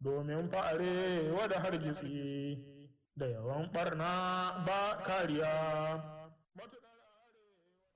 domin fa'are wada hargitsi da yawan ɓarna ba kariya.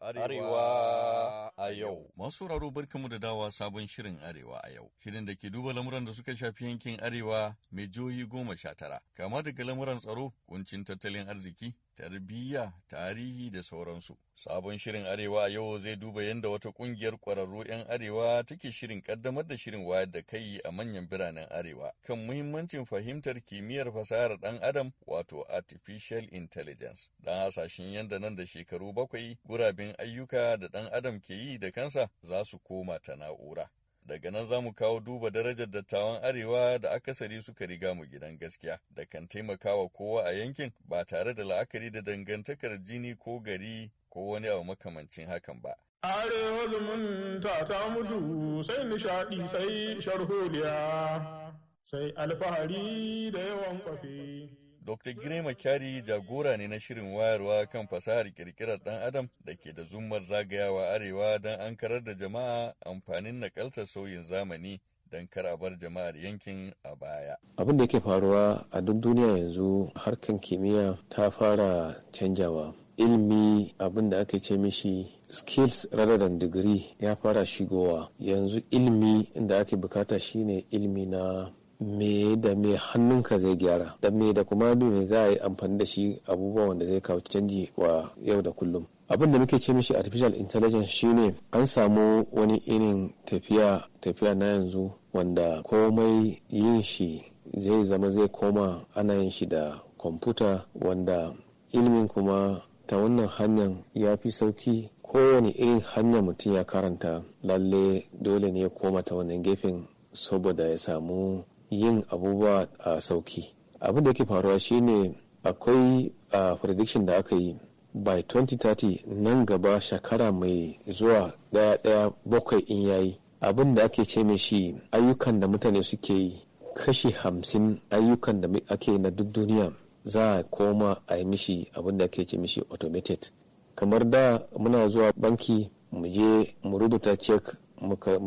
Arewa a yau. Masu sauraro barkamu da dawa sabon shirin Arewa a yau. Shirin da ke duba lamuran da suka shafi yankin Arewa mai jihohi goma sha tara. Kama daga lamuran tsaro, kuncin tattalin arziki, tarbiyya, tarihi da sauransu. Sabon shirin Arewa a yau zai duba yadda wata ƙungiyar ƙwararru 'yan Arewa take shirin ƙaddamar da shirin wayar da kai a manyan biranen Arewa kan muhimmancin fahimtar kimiyyar fasahar ɗan Adam wato Artificial Intelligence. Don hasashen yadda nan da shekaru bakwai gurabin ayyuka da ɗan Adam ke yi da kansa za su koma ta na'ura. Daga nan za mu kawo duba darajar dattawan Arewa da akasari suka riga mu gidan gaskiya da kan taimakawa kowa a yankin ba tare da la'akari da dangantakar jini ko gari ko wani abu makamancin hakan ba. Arewa zumunta ta mutu sai nishaɗi sai sharholiya sai alfahari da yawan kwafi. Dr. girema Kyari jagora ne na shirin wayarwa kan fasahar kirkirar ɗan adam da ke da zummar zagayawa arewa don an karar da jama'a amfanin nakaltar sauyin zamani don kar a bar jama'ar yankin a baya. Abin da yake faruwa a duk duniya yanzu harkan kimiyya ta fara canjawa. Ilmi abin da aka ce mishi skills rather than degree ya fara shigowa yanzu ilmi da ake bukata shine ilmi na me da me hannunka zai gyara da me da kuma me za a yi amfani da shi abubuwan wanda zai kawo canji wa yau da kullum abin da muke ce mishi artificial intelligence shine an samu wani irin tafiya tafiya na yanzu wanda komai yin shi zai zama zai koma ana yin shi da kwamfuta wanda ilimin kuma ta wannan hanyar ya fi sauki kowane irin hanyar mutum ya karanta lalle dole ne ya koma ta wannan gefen saboda ya samu yin abubuwa a sauki abin da yake faruwa shine akwai a prediction da aka yi by 2030 nan gaba shekara mai zuwa daya daya bakwai in yayi abin da ake ce mai shi ayyukan da mutane suke yi kashi hamsin ayyukan da ake na duk duniya za a koma a yi mishi abin da ake ce mishi automated kamar da muna zuwa banki mu je mu rubuta cek muka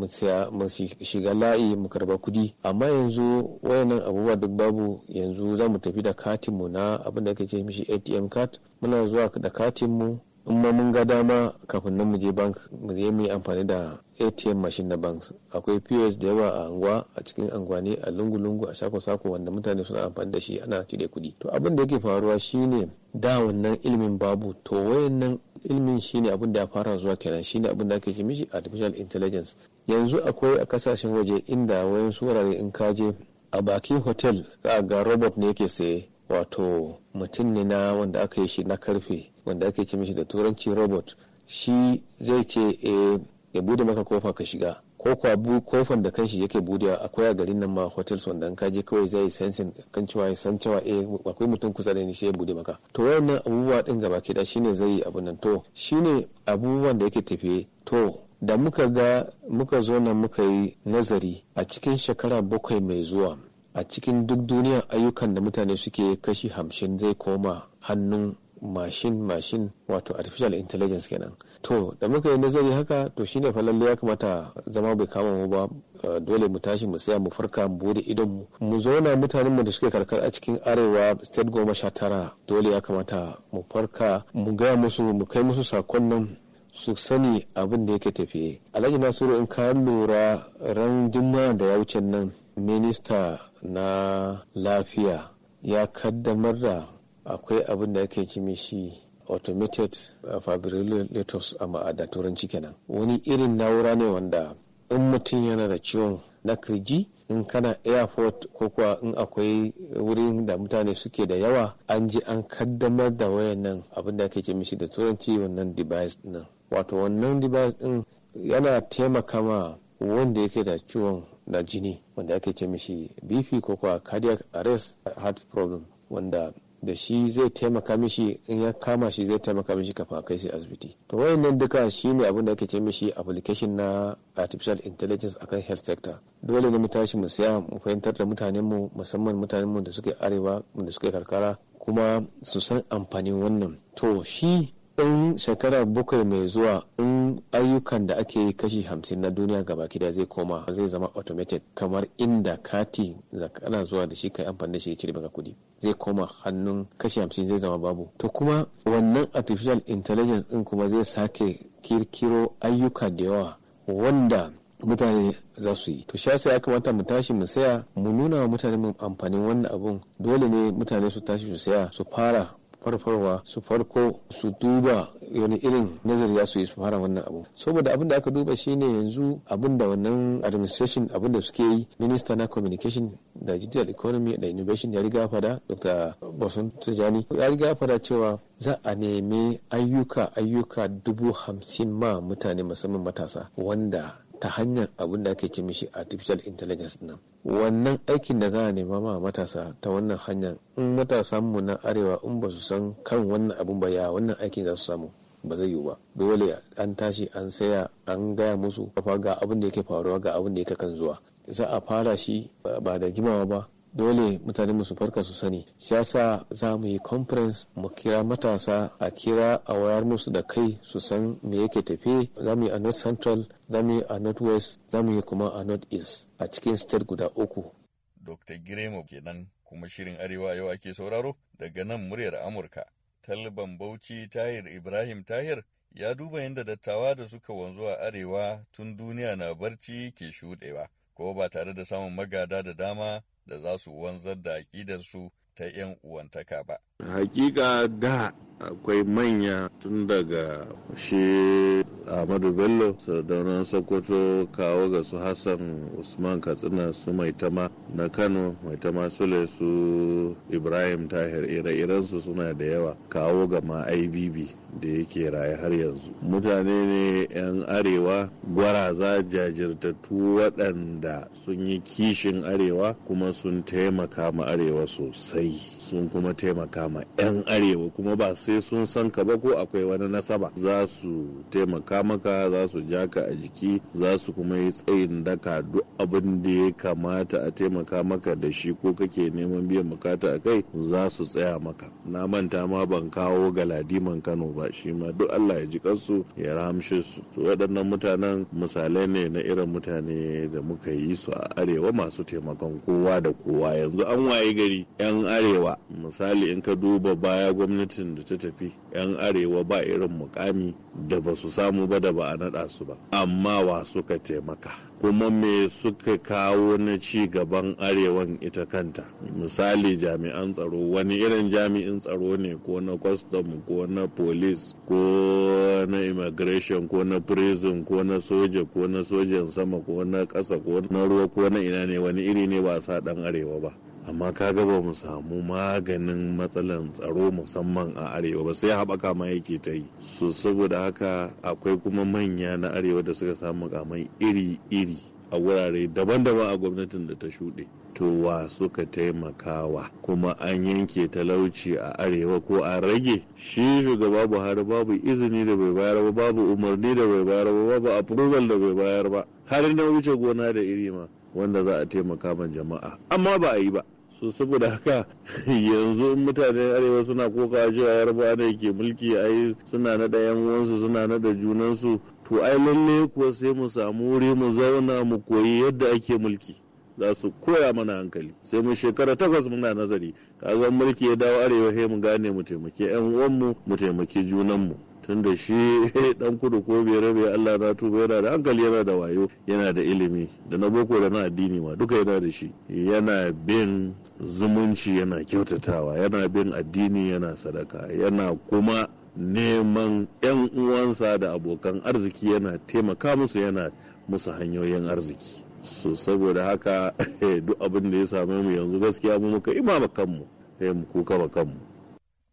shiga la'i mu karba kudi amma yanzu wayannan abubuwa duk babu yanzu za mu tafi da katinmu na abin da ake ce mishi atm card muna zuwa da katinmu in ma mun ga dama kafin nan mu je bank mu je mu yi amfani da atm machine na banks akwai pos da yawa a anguwa a cikin ne a lungu-lungu a shakon sako wanda mutane suna amfani da shi ana cire kuɗi to abin da yake faruwa shine da wannan ilimin babu to wayannan ilimin shine abin da ya fara zuwa kenan shine abin da ake ce mishi artificial intelligence yanzu akwai a kasashen waje inda wayan wurare in kaje a bakin hotel za ga robot ne yake saye wato mutum ne na wanda aka yi shi na karfe wanda ake ce mishi da turanci robot shi zai ce e ya bude maka kofa ka shiga ko bu kofan da kanshi yake bude akwai a garin nan ma hotels wanda ka je kawai zai sensing kan cewa ya san cewa eh akwai mutum kusa da ni sai ya bude maka to wayannan abubuwa din gaba ke kida shine zai yi abun nan to shine abubuwan da yake tafiye to da muka ga muka zo nan muka yi nazari a cikin shekara bakwai mai zuwa a cikin duk duniya ayyukan da mutane suke kashi hamsin zai koma hannun mashin mashin wato artificial intelligence kenan to da muka yi nazari haka to shine fa lalle ya kamata zama bai kama mu ba eh, dole mu tashi mu tsaya mu farka mu bude idon mu mu zauna mutanen mu da suke karkar a cikin arewa state goma sha tara dole ya kamata mu farka mu gaya musu mu kai musu sakon nan su sani abin da yake tafiye alhaji nasiru in ka lura ran juma'a da ya wuce nan minista na lafiya ya kaddamar da akwai abin da ake kimi shi automated fibrillators a da turanci kenan wani irin na'ura ne wanda in mutum yana da ciwon na kirji in kana airport ko kuwa in akwai wurin da mutane suke da yawa an ji an kaddamar da wayannan abin da ake ce mishi da turanci wannan device din wato wannan device din yana taimaka ma wanda yake da ciwon na jini wanda ake ce mishi bp ko kuwa cardiac arrest heart problem wanda da shi zai taimaka mishi in ya kama shi zai taimaka mishi kafin kai sai asibiti to wayannan duka shine abin da ake ce mishi application na artificial intelligence akan health sector dole ne mu tashi mu saya mu fahimtar da mutanen mu musamman mutanen mu da suke arewa da suke karkara kuma su san amfanin wannan to shi in shekara bakwai mai zuwa in ayyukan da ake yi kashi hamsin na duniya gaba kida zai koma zai zama automated kamar inda kati kana zuwa da shi kai amfani da shi ya cire baka kudi zai koma hannun kashi hamsin zai zama babu to kuma wannan artificial intelligence din kuma zai sake kirkiro ayyuka da yawa wanda mutane za su yi to shasa ya kamata mu tashi mu saya mu nuna wa mutane mu amfanin wannan abun dole ne mutane su tashi su saya su fara farfarwa su farko su duba wani irin nazari za su yi su fara wannan abu saboda abin da aka duba shine yanzu abin da wannan administration abin da suke yi minister na communication da digital economy da innovation ya riga fada dr bosun tijani ya riga fada cewa za a nemi ayyuka ayyuka dubu hamsin ma mutane musamman matasa wanda ta hanyar abin da ake ce mishi artificial intelligence nan wannan aikin da za a nema ma matasa ta wannan hanyar in matasan mu na arewa in ba su san kan wannan abin ba ya wannan aikin za su samu ba zai yiwu ba dole an tashi an saya an gaya musu ga abin da yake faruwa ga abin da yake kan zuwa za a fara shi ba da jimawa ba dole mutane su farka su sani siyasa za mu yi conference mu kira matasa a kira a wayar musu da kai su san me yake tafe za mu yi a north central za mu yi a north west za mu yi kuma a north east a cikin state guda uku dr giremo kenan kuma shirin arewa yau ake sauraro daga nan muryar amurka talban bauchi tahir ibrahim tahir ya duba yadda dattawa da suka wanzu a arewa tun duniya na barci ke shuɗewa ko ba tare da samun magada da dama da za su wanzar da aƙidarsu ta ‘yan uwantaka ba. Hakika da akwai manya tun daga shi Ahmadu Bello, Sardaunan Sokoto kawo ga su Hassan Usman Katsina su Maitama na Kano, Maitama Sule su Ibrahim Tahir ire-irensu suna da yawa kawo ga ma IBB da yake raye har yanzu. Mutane ne 'yan arewa gwaraza jajirtattu waɗanda sun yi kishin arewa kuma sun taimaka ma arewa sosai sun kuma taimaka ma 'yan arewa kuma ba sai sun san ka ba ko akwai wani nasaba za su taimaka maka za su ja ka a jiki za su kuma yi tsayin daka duk abin da ya kamata a taimaka maka da shi ko kake neman biyan bukata a kai za su tsaya maka na manta ma ban kawo galadiman kano ba shi ma duk allah ya ji kansu ya ramshe su to waɗannan mutanen misalai ne na irin mutane da muka yi su a arewa masu taimakon kowa da kowa yanzu an waye gari 'yan arewa misali in ka duba baya gwamnatin da ta tafi 'yan arewa ba irin mukami da ba su samu ba da ba a naɗa su ba amma wa suka taimaka kuma me suka kawo na ci gaban arewan ita kanta misali jami'an tsaro wani irin jami'in tsaro ne ko na kwastam ko na police ko na immigration ko na prison ko na soja ko na sojan sama ko na ƙasa ko na ruwa ko na ina ne wani iri ne ba sa ɗan arewa ba amma ka ga ba mu samu maganin matsalan tsaro musamman a arewa ba sai haɓaka ma yake ta yi so saboda haka akwai kuma manya na arewa da suka samu mukamai iri-iri a wurare daban-daban a gwamnatin da ta shuɗe to wa suka taimakawa kuma an yanke talauci a arewa ko a rage shi shugaba buhari babu izini da bai bayar ba babu umarni da bai bayar ba babu approval da bai bayar ba har na wuce gona da iri ma wanda za a taimaka ma jama'a amma ba a yi ba su saboda haka yanzu mutanen arewa suna koka cewa yarba ne ke mulki ai suna naɗa yan uwansu suna naɗa junansu to ai lalle kuwa sai mu samu wuri mu zauna mu koyi yadda ake mulki za su koya mana hankali sai mu shekara takwas muna nazari kaga mulki ya dawo arewa sai mu gane mu taimake yan uwanmu mu taimake junanmu tun da shi dan kudu ko bai rabe Allah na tuba yana da hankali yana da wayo yana da ilimi da na boko da na addini ma duka yana da shi yana bin zumunci yana kyautatawa yana bin addini yana sadaka yana kuma neman 'yan uwansa da abokan arziki yana taimaka musu yana musu hanyoyin arziki so saboda haka duk abin da ya same mu yanzu gaskiya mu muka imama kanmu mu kuka kanmu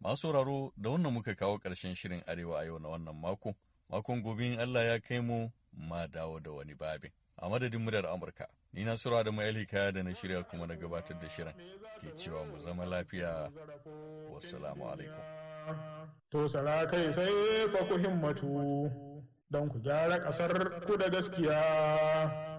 Masu sauraro da wannan muka kawo ƙarshen shirin Arewa a yau na wannan mako. Makon gobe in Allah ya kai mu ma dawo da wani babin. A madadin muryar Amurka, ni na sura da mai da na shirya kuma na gabatar da shirin ke cewa mu zama lafiya. Wassalamu alaikum. To sara kai sai ku himmatu don ku gyara ƙasar ku da gaskiya.